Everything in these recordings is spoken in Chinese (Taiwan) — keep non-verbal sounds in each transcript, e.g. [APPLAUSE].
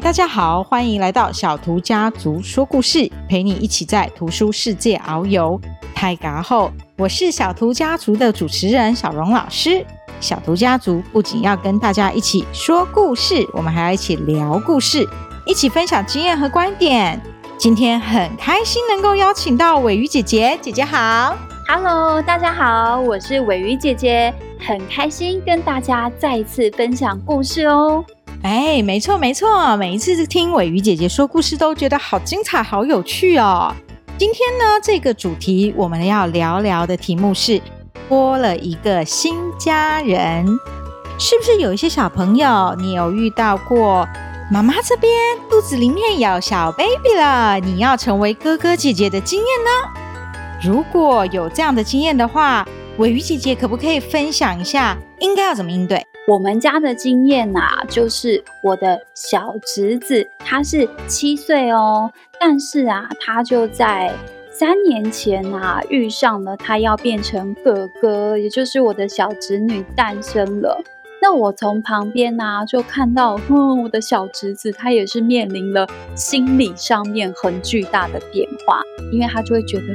大家好，歡迎來到小圖家族說故事，陪你一起在圖書世界遨遊。太噶後，我是小圖家族的主持人小蓉老師。小圖家族不僅要跟大家一起說故事，我們還要一起聊故事，一起分享經驗和觀點。今天很開心能夠邀請到瑋瑜姐姐，姐姐好，Hello，大家好，我是瑋瑜姐姐，很開心跟大家再一次分享故事哦。哎，沒錯沒錯，每一次聽瑋瑜姐姐說故事，都覺得好精彩、好有趣哦。今天呢，這個主題我們要聊聊的題目是：多了一個新家人，是不是有一些小朋友你有遇到過媽媽？媽媽這邊肚子裡面有小 baby 了，你要成為哥哥姐姐的經驗呢？如果有這樣的經驗的話，瑋瑜姐姐可不可以分享一下，應該要怎麼應對？我們家的經驗吶，就是我的小侄子，他是七歲哦。但是啊，他就在三年前啊，遇上了他要變成哥哥，也就是我的小侄女誕生了。那我從旁邊啊，就看到，嗯，我的小侄子他也是面臨了心理上面很巨大的變化，因為他就會覺得，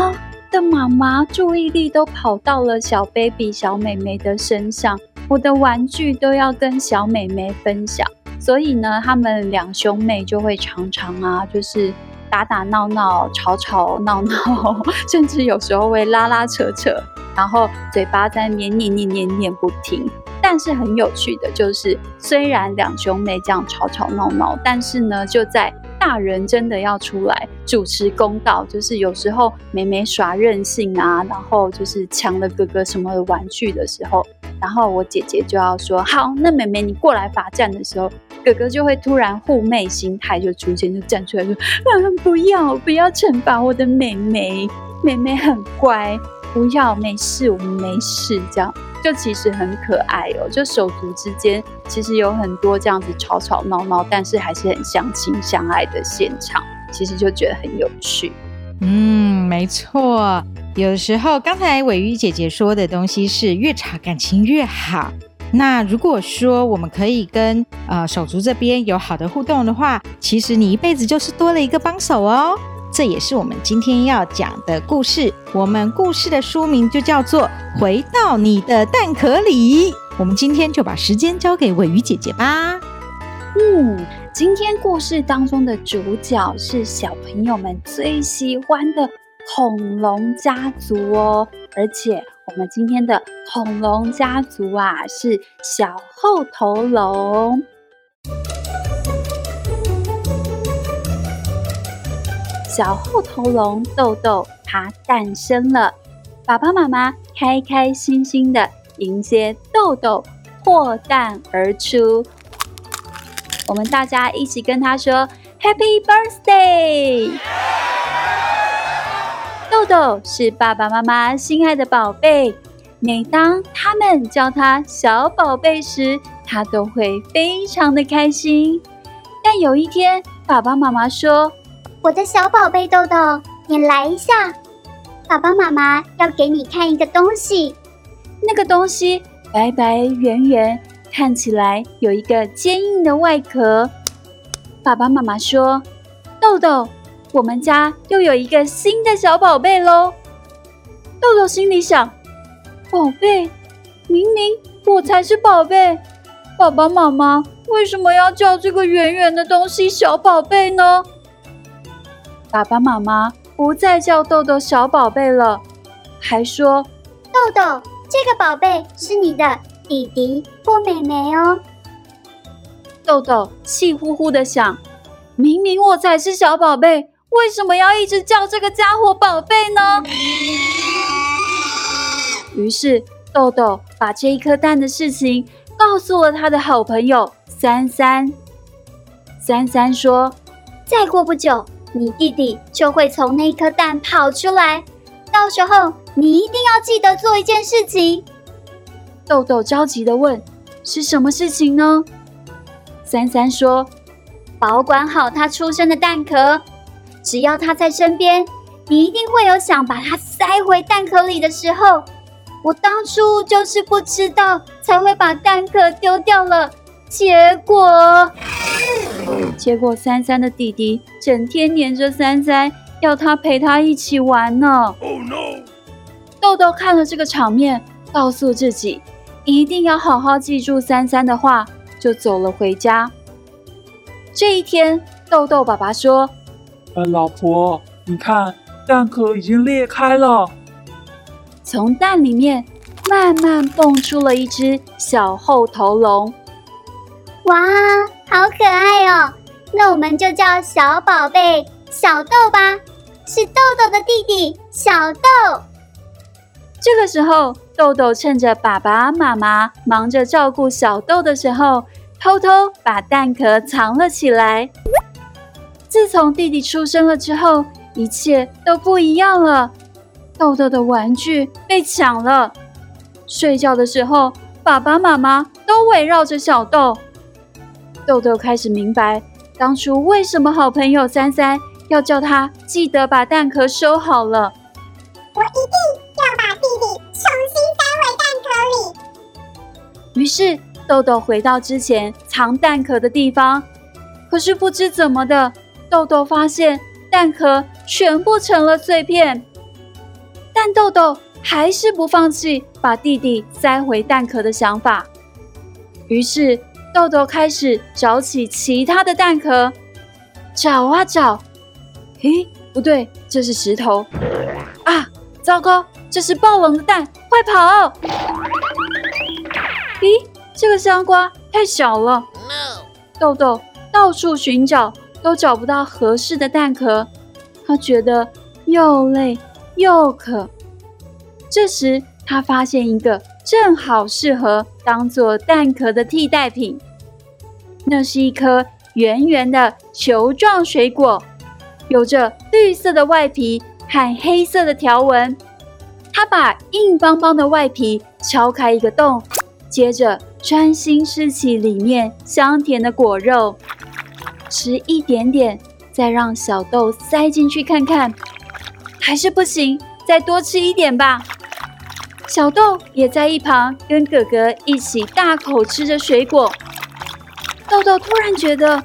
啊，的媽媽注意力都跑到了小 baby 小妹妹的身上。我的玩具都要跟小美眉分享，所以呢，他們兩兄妹就會常常啊，就是打打鬧鬧、吵吵鬧鬧，甚至有時候會拉拉扯扯，然後嘴巴在念念念念念不停。但是很有趣的就是，雖然兩兄妹這樣吵吵鬧鬧，但是呢，就在，大人真的要出來主持公道，就是有時候妹妹耍任性啊，然後就是搶了哥哥什麼玩具的時候，然後我姐姐就要說：“好，那妹妹你過來罰站的時候，哥哥就會突然護妹心態就出現，就站出來說：不要，不要懲罰我的妹妹，妹妹很乖，不要，沒事，我們沒事這樣。”就其實很可愛哦、喔，就手足之間其實有很多這樣子吵吵鬧鬧，但是還是很相親相愛的現場，其實就覺得很有趣。嗯，沒錯，有時候剛才瑋瑜姐姐說的東西是越吵感情越好。那如果說我們可以跟、呃、手足這邊有好的互動的話，其實你一輩子就是多了一個幫手哦、喔。這也是我們今天要講的故事。我們故事的書名就叫做《回到你的蛋殼裡》。我們今天就把時間交給瑋瑜姐姐吧。嗯，今天故事當中的主角是小朋友們最喜歡的恐龍家族哦。而且我們今天的恐龍家族啊，是小厚頭龍。小厚頭龍豆豆，它誕生了，爸爸媽媽開開心心的迎接豆豆破蛋而出。我們大家一起跟他說 [MUSIC] ：“Happy birthday！” [MUSIC] 豆豆是爸爸媽媽心愛的寶貝，每當他們叫他小寶貝時，他都會非常的開心。但有一天，爸爸媽媽說。我的小寶貝豆豆，你來一下，爸爸媽媽要給你看一個東西。那個東西白白圓圓，看起來有一個堅硬的外殼。爸爸媽媽說：“豆豆，我們家又有一個新的小寶貝嘍。”豆豆心裡想：“寶貝，明明我才是寶貝。爸爸媽媽為什麼要叫這個圓圓的東西小寶貝呢？”爸爸媽媽不再叫豆豆小寶貝了，還說：“豆豆，這個寶貝是你的弟弟或妹妹哦。”豆豆氣呼呼的想：“明明我才是小寶貝，為什麼要一直叫這個傢伙寶貝呢？”於是豆豆把這一顆蛋的事情告訴了他的好朋友三三。三三說：“再過不久。”你弟弟就會從那顆蛋跑出來，到時候你一定要記得做一件事情。豆豆着急地問：“是什麼事情呢？”三三說：“保管好他出生的蛋殼，只要他在身邊，你一定會有想把它塞回蛋殼裡的時候。我當初就是不知道，才會把蛋殼丟掉了，結果……”嗯結果三三的弟弟整天黏着三三，要他陪他一起玩呢。Oh no. 豆豆看了這個場面，告訴自己一定要好好記住三三的話，就走了回家。這一天，豆豆爸爸說：“呃、老婆，你看蛋殼已經裂開了，從蛋裡面慢慢蹦出了一隻小厚頭龍。”哇！好可愛哦，那我們就叫小寶貝小豆吧，是豆豆的弟弟小豆。這個時候，豆豆趁着爸爸媽媽忙着照顧小豆的時候，偷偷把蛋殼藏了起來。自從弟弟出生了之後，一切都不一樣了。豆豆的玩具被搶了，睡覺的時候，爸爸媽媽都圍繞着小豆。豆豆開始明白，當初為什麼好朋友三三要叫他記得把蛋殼收好了。我一定要把弟弟重新塞回蛋殼裡。於是豆豆回到之前藏蛋殼的地方，可是不知怎麼的，豆豆發現蛋殼全部成了碎片。但豆豆還是不放棄把弟弟塞回蛋殼的想法，於是。豆豆開始找起其他的蛋殼，找啊找，咦，不對，這是石頭啊！糟糕，這是暴龍的蛋，快跑！咦，這個香瓜太小了。No. 豆豆到處尋找，都找不到合適的蛋殼，他覺得又累又渴。這時，他發現一個。正好適合當做蛋殼的替代品。那是一顆圓圓的球狀水果，有着綠色的外皮和黑色的條紋。它把硬邦邦的外皮敲開一個洞，接着專心吃起裡面香甜的果肉。吃一點點，再讓小豆塞進去看看，還是不行，再多吃一點吧。小豆也在一旁跟哥哥一起大口吃着水果。豆豆突然覺得，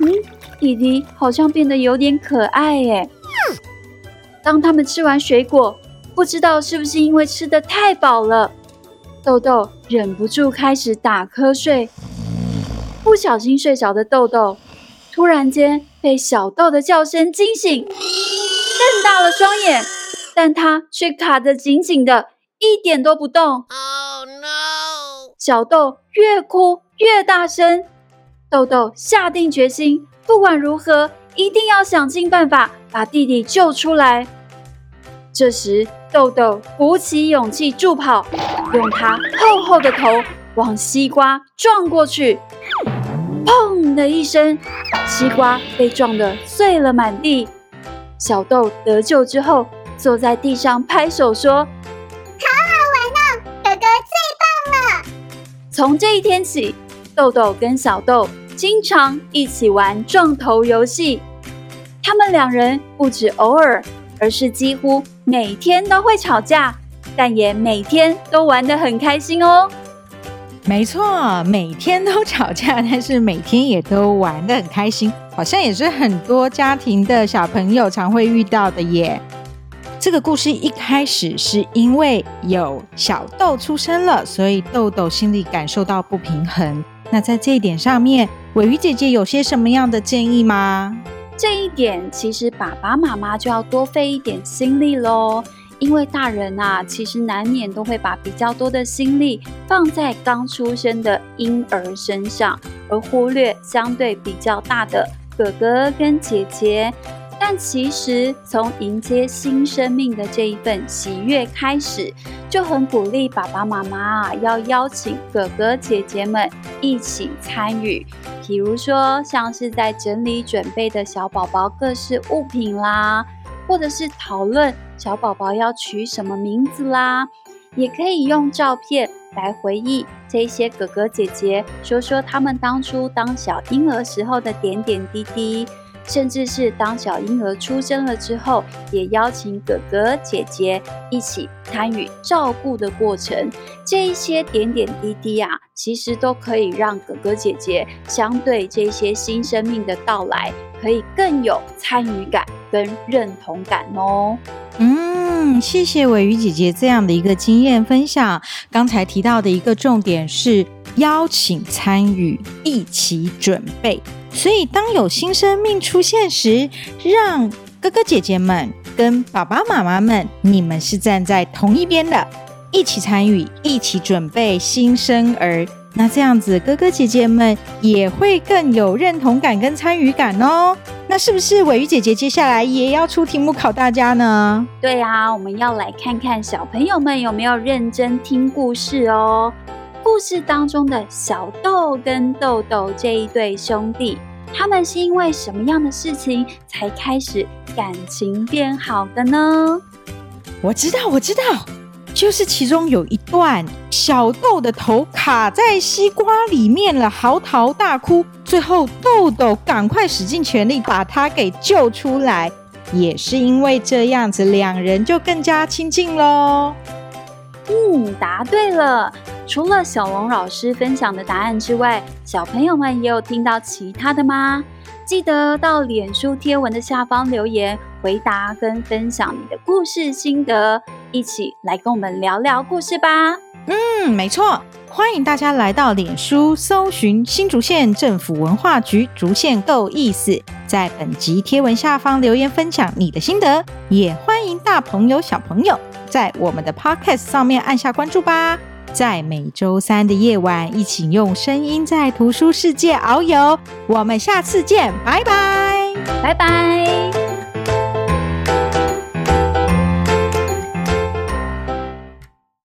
嗯，弟弟好像變得有點可愛耶。當他們吃完水果，不知道是不是因為吃得太飽了，豆豆忍不住開始打瞌睡。不小心睡着的豆豆，突然間被小豆的叫聲驚醒，瞪大了雙眼，但他卻卡得緊緊的。一點都不動。Oh no！小豆越哭越大聲。豆豆下定決心，不管如何，一定要想盡辦法把弟弟救出來。這時，豆豆鼓起勇氣助跑，用他厚厚的頭往西瓜撞過去。砰的一聲，西瓜被撞得碎了滿地。小豆得救之後，坐在地上拍手說。從這一天起，豆豆跟小豆經常一起玩撞頭遊戲。他們兩人不只偶爾，而是幾乎每天都會吵架，但也每天都玩得很開心哦。沒錯，每天都吵架，但是每天也都玩得很開心，好像也是很多家庭的小朋友常會遇到的耶。這個故事一開始是因為有小豆出生了，所以豆豆心裡感受到不平衡。那在這一點上面，瑋瑜姐姐有些什麼樣的建議嗎？這一點其實爸爸媽媽就要多費一點心力嘍，因為大人啊，其實難免都會把比較多的心力放在剛出生的嬰兒身上，而忽略相對比較大的哥哥跟姐姐。但其實，從迎接新生命的這一份喜悅開始，就很鼓勵爸爸媽媽啊，要邀請哥哥姐姐們一起參與。比如說，像是在整理準備的小寶寶各式物品啦，或者是討論小寶寶要取什麼名字啦，也可以用照片來回憶這些哥哥姐姐，說說他們當初當小嬰兒時候的點點滴滴。甚至是當小嬰兒出生了之後，也邀請哥哥姐姐一起參與照顧的過程。這一些點點滴滴啊，其實都可以讓哥哥姐姐相對這些新生命的到來，可以更有參與感跟認同感哦。嗯，謝謝瑋瑜姐姐這樣的一個經驗分享。剛才提到的一個重點是邀請參與，一起準備。所以，當有新生命出現時，讓哥哥姐姐們跟爸爸媽媽們，你們是站在同一邊的，一起參與，一起準備新生兒。那這樣子，哥哥姐姐們也會更有認同感跟參與感哦。那是不是瑋瑜姐姐接下來也要出題目考大家呢？對啊，我們要來看看小朋友們有沒有認真聽故事哦。故事當中的小豆跟豆豆這一對兄弟，他們是因為什麼樣的事情才開始感情變好的呢？我知道，我知道，就是其中有一段小豆的頭卡在西瓜裡面了，嚎啕大哭，最後豆豆趕快使盡全力把他給救出來，也是因為這樣子，兩人就更加親近嘍。嗯，答對了。除了小王老師分享的答案之外，小朋友們也有聽到其他的嗎？記得到臉書貼文的下方留言，回答跟分享你的故事心得，一起來跟我們聊聊故事吧。嗯，沒錯，歡迎大家來到臉書搜尋新竹縣政府文化局竹縣夠意思，在本集貼文下方留言分享你的心得，也歡迎大朋友小朋友在我們的 Podcast 上面按下關注吧。在每週三的夜晚，一起用聲音在圖書世界遨遊。我們下次見，拜拜，拜拜。